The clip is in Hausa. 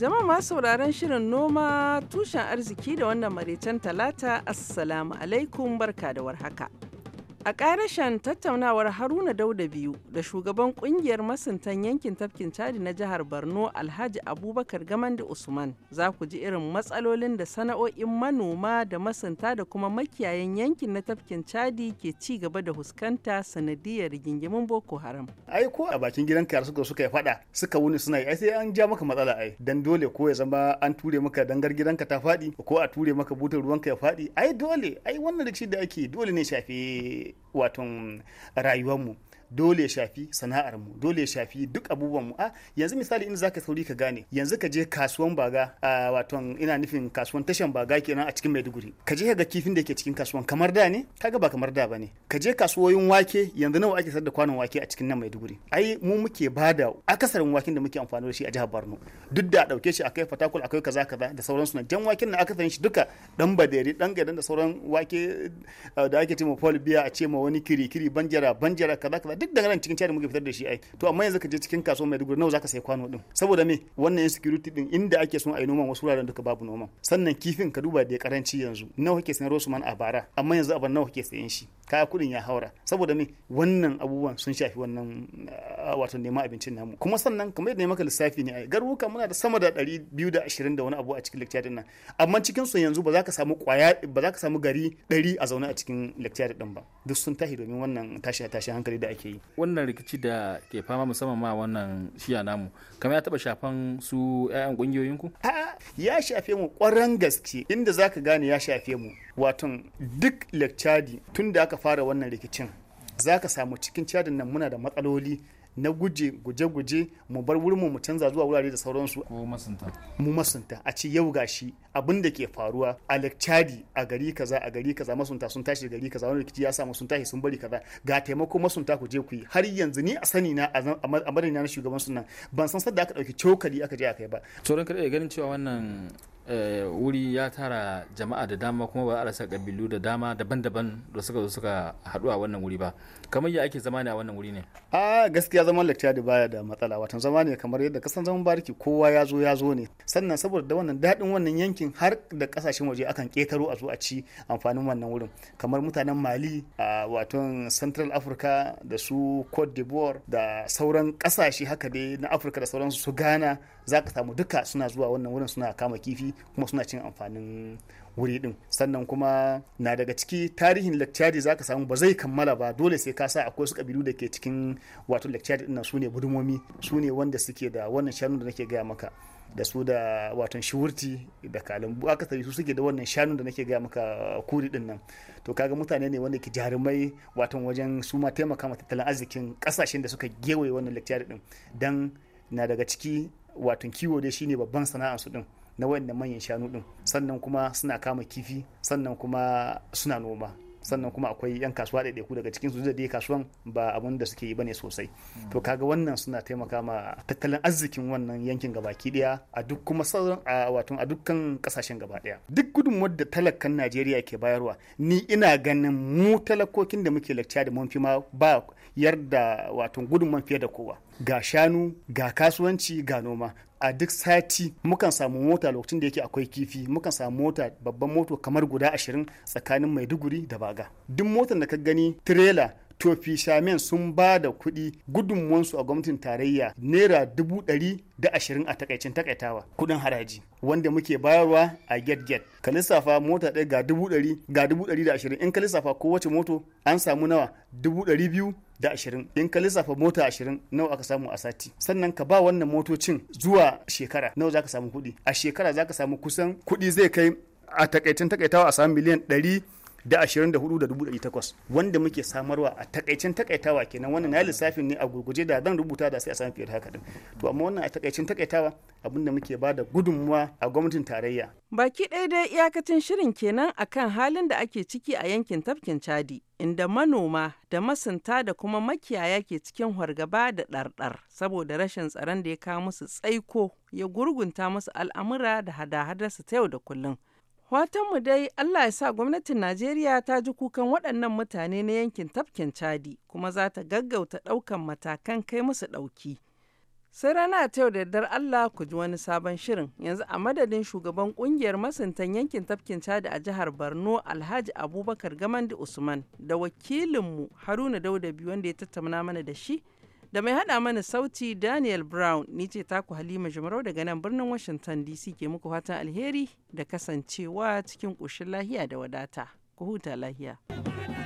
Jama'a masu sauraron shirin noma tushen arziki da wannan maraicen talata Assalamu alaikum barka da warhaka. A ƙarashen tattaunawar Haruna Dauda biyu da shugaban kungiyar masuntan yankin tafkin Chadi na jihar Borno Alhaji Abubakar Gamandi Usman za ku ji irin matsalolin da sana'o'in manoma da masunta da kuma makiyayan yankin na tafkin Chadi ke ci gaba da huskanta sanadiyar rigingimin Boko Haram. Ai ko a bakin gidan kar suka suka faɗa suka wuni suna yi sai an ja maka matsala ai dan dole ko ya zama an ture maka dangar gidanka ta faɗi ko a ture maka butar ruwanka ya faɗi ai dole ai wannan rikici da ake dole ne shafe wato rayuwarmu dole ya shafi sana'ar mu dole ya shafi duk abubuwan mu a yanzu misali in zaka sauri ka gane yanzu ka je kasuwan baga a waton ina nufin kasuwan tashan baga kenan a cikin Maiduguri ka je ga kifin da ke cikin kasuwan kamar da ne kaga ba kamar da bane ka je kasuwoyin wake yanzu nawa ake sayar da kwanon wake a cikin nan Maiduguri ai mu muke bada akasarin waken da muke amfani da shi a jihar Borno duk da dauke shi akai fatakul akai kaza kaza da sauransu na jan waken na akasarin shi duka dan baderi dan gadan da sauran wake da ake cewa biya a ce ma wani kiri kiri banjara banjara kaza kaza duk da nan cikin china muke fitar da shi ai to amma yanzu ka je cikin mai maiduguri nawa zaka sai kwano din saboda me wannan insecurity din inda ake son a yi noman wasu wuraren duka babu noman sannan kifin ka duba da karanci yanzu nawa kake sayan man a bara amma yanzu abin nawa kake sayan shi kaya kudin ya haura saboda me wannan abubuwan sun shafi wannan ah, wato neman abincin namu kuma sannan kamar yadda maka lissafi ne ai garuruka muna da sama da 220 da wani abu a cikin lecture nan amma cikin su yanzu ba za ka samu kwaya ba za ka samu gari 100 a zaune a cikin lecture din ba duk sun tashi domin wannan tashi tashi hankali da ake yi wannan rikici da ke fama musamman ma wannan shiya namu kamar ya taba shafan su 'ya'yan kungiyoyin ku a ya shafe mu kwaran gaske inda zaka gane ya shafe mu waton duk lecture tun da aka fara wannan rikicin za ka samu cikin cadin nan muna da matsaloli na guje guje-guje mu bar wurin mu canza zuwa wurare da sauransu ko masunta mu masunta a ce yau gashi abin da ke faruwa a lakcadi a gari kaza a gari kaza masunta sun tashi gari kaza wani rikici ya samu sun tashi sun bari kaza ga taimako masunta ku je ku yi har yanzu ni a sani na a madadina na shugaban sunan ban san sadda aka dauki cokali aka je aka yi ba sauran kada ganin cewa wannan Eh, wuri ya tara jama'a da dama kuma ba a rasa kabilu da dama daban-daban da suka zo suka haɗu a wannan wuri ba kamar ya ake zama ne a wannan wuri ne a gaskiya zaman lecture da baya da matsala watan zama ne kamar yadda kasan zaman bariki kowa ya zo ya zo ne sannan saboda da wannan daɗin wannan yankin har da kasashen waje akan ƙetaro a zo a ci amfanin wannan wurin kamar mutanen mali a waton central africa da su cote d'ivoire da sauran kasashe haka dai na afirka da sauransu su ghana zaka samu duka suna zuwa wannan wurin suna kama kifi kuma suna cin amfanin wuri din sannan kuma na daga ciki tarihin lecture zaka samu ba zai kammala ba dole sai ka sa akwai su kabilu da ke cikin wato lecture din su ne budumomi su ne wanda suke da wannan shanu da nake gaya maka da su da watan shiwurti da kalambu aka tare su suke da wannan shanu da nake gaya maka uh, kuri din nan to kaga mutane ne wanda ke jarumai wato wajen su ma taimaka ma tattalin arzikin kasashen da suka gewaye wannan lecture din dan na daga ciki watan kiwo dai shine babban sana'ar su din na wayannan manyan shanu din sannan kuma suna kama kifi sannan kuma suna noma sannan kuma akwai yan kasuwa ku daga cikin su da kasuwan ba abun da suke yi bane sosai to kaga wannan suna taimaka ma tattalin arzikin wannan yankin gabaki daya a duk kuma sauran a wato a dukkan kasashen gaba daya duk gudun da talakan Najeriya ke bayarwa ni ina ganin mu talakokin da muke lakciya da mun fi ma ba yarda wato man fiye da kowa ga shanu ga kasuwanci ga noma a duk sati mukan samu mota lokacin da yake akwai kifi mukan samu mota babban moto kamar guda ashirin tsakanin maiduguri da baga duk motar da ka gani tirela tofi shamen sun ba da kuɗi gudunmuwansu a gwamnatin tarayya naira dubu ɗari da ashirin a takaicin takaitawa kuɗin haraji wanda muke bayarwa a get get ka lissafa mota ɗaya ga dubu ɗari ga dubu ɗari da ashirin in ka lissafa kowace moto an samu nawa dubu ɗari biyu da ashirin in ka lissafa mota ashirin nawa aka samu a sati sannan ka ba wannan motocin zuwa shekara nawa za ka samu kuɗi a shekara za ka samu kusan kuɗi zai kai a takaitan takaitawa a samu miliyan ɗari da 24,800 wanda muke samarwa a takaicin takaitawa kenan wannan na lissafin ne a gurguje da zan rubuta da sai a samu fiye da haka din to amma wannan a takaicin takaitawa abin da muke da gudunmuwa a gwamnatin tarayya baki ɗaya dai iyakacin shirin kenan akan halin da ake ciki a yankin tafkin chadi inda manoma da masunta da kuma makiyaya ke cikin hargaba da ɗarɗar saboda rashin tsaron da ya kawo musu tsaiko ya gurgunta musu al'amura da hada-hadarsu ta yau da kullum. mu dai Allah ya sa gwamnatin Najeriya ta ji kukan waɗannan mutane na yankin tafkin Chadi kuma za ta gaggauta ɗaukan matakan kai musu ɗauki. Sai rana ta yau da Allah ku ji wani sabon shirin yanzu a madadin shugaban kungiyar masuntan yankin tafkin Chadi a jihar Borno Alhaji Abubakar Gamandi Usman da wakilinmu Haruna Dauda wanda ya tattauna mana da shi da mai hada mana sauti Daniel Brown ni ce taku Halima jimarau daga nan birnin Washington DC ke muku fatan alheri da kasancewa cikin ƙoshin lahiya da wadata. Ku huta lahiya.